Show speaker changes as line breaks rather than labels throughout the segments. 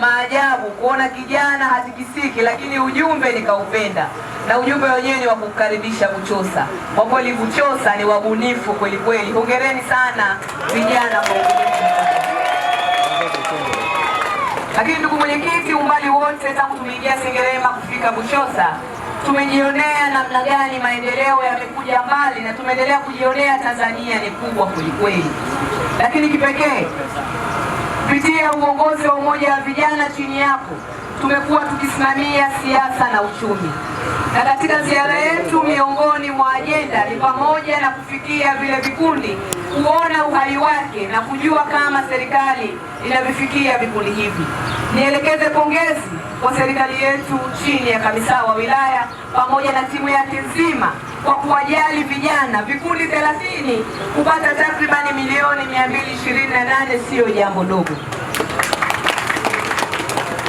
Maajabu kuona kijana hatikisiki, lakini ujumbe nikaupenda, na ujumbe wenyewe ni wa kukaribisha Buchosa. Kwa kweli Buchosa ni wabunifu kweli kweli, hongereni sana vijana. Lakini ndugu mwenyekiti, umbali wote tangu tumeingia Sengerema kufika Buchosa tumejionea namna gani maendeleo yamekuja mbali, na tumeendelea kujionea Tanzania ni kubwa kweli kweli, lakini kipekee kupitia uongozi wa umoja wa vijana chini yako tumekuwa tukisimamia siasa na uchumi, na katika ziara yetu miongoni mwa ajenda ni pamoja na kufikia vile vikundi, kuona uhai wake na kujua kama serikali inavifikia vikundi hivi. Nielekeze pongezi kwa serikali yetu chini ya kamisa wa wilaya pamoja na timu yake nzima kwa kuwajali vijana vikundi 30 kupata takribani milioni 228 siyo jambo dogo.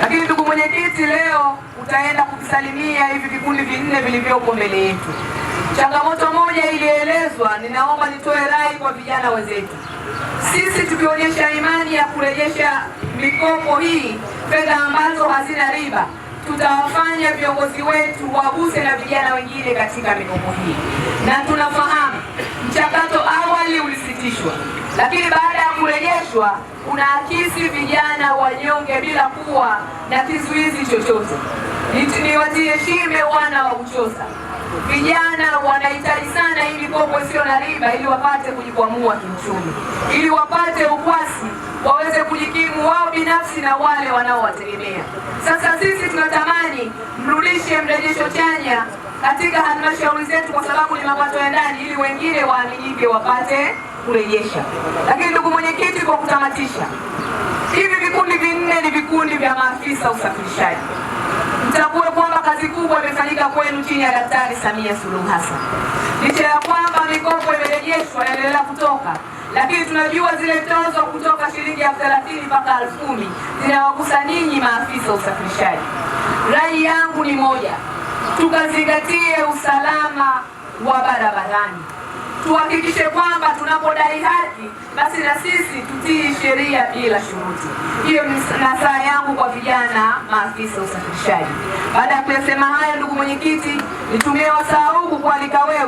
Lakini ndugu mwenyekiti, leo utaenda kuvisalimia hivi vikundi vinne vilivyopo mbele yetu. Changamoto moja ilielezwa, ninaomba nitoe rai kwa vijana wenzetu. Sisi tukionyesha imani ya kurejesha mikopo hii, fedha ambazo hazina riba tutawafanya viongozi wetu waguse na vijana wengine katika migomo hii, na tunafahamu mchakato awali ulisitishwa, lakini baada ya kurejeshwa unaakisi vijana wanyonge bila kuwa na kizuizi chochote. Niwatie shime wana wa Buchosa, vijana wanahitaji sana mikopo isiyo na riba ili wapate kujikwamua kiuchumi, ili wapate ukwasi, waweze kujikimu wao binafsi na wale wanaowategemea. Sasa sisi tunatamani mrudishe mrejesho chanya katika halmashauri zetu, kwa sababu ni mapato ya ndani, ili wengine waaminike wapate kurejesha. Lakini ndugu mwenyekiti, kwa kutamatisha, hivi vikundi vinne ni vikundi vya maafisa usafirishaji. Mtambue kwamba kufanyika kwenu chini ya Daktari Samia Suluhu Hassan. Licha ya kwamba mikopo imerejeshwa inaendelea kutoka, lakini tunajua zile tozo kutoka shilingi elfu thelathini mpaka elfu kumi zinawagusa ninyi maafisa usafirishaji. Rai yangu ni moja, tukazingatie usalama wa barabarani tuhakikishe kwamba tunapodai haki basi na sisi tutii sheria bila shuruti. Hiyo ni nasaha yangu kwa vijana maafisa usafirishaji. Baada ya kuyasema hayo, ndugu mwenyekiti, nitumie wasaa huu kualika wewe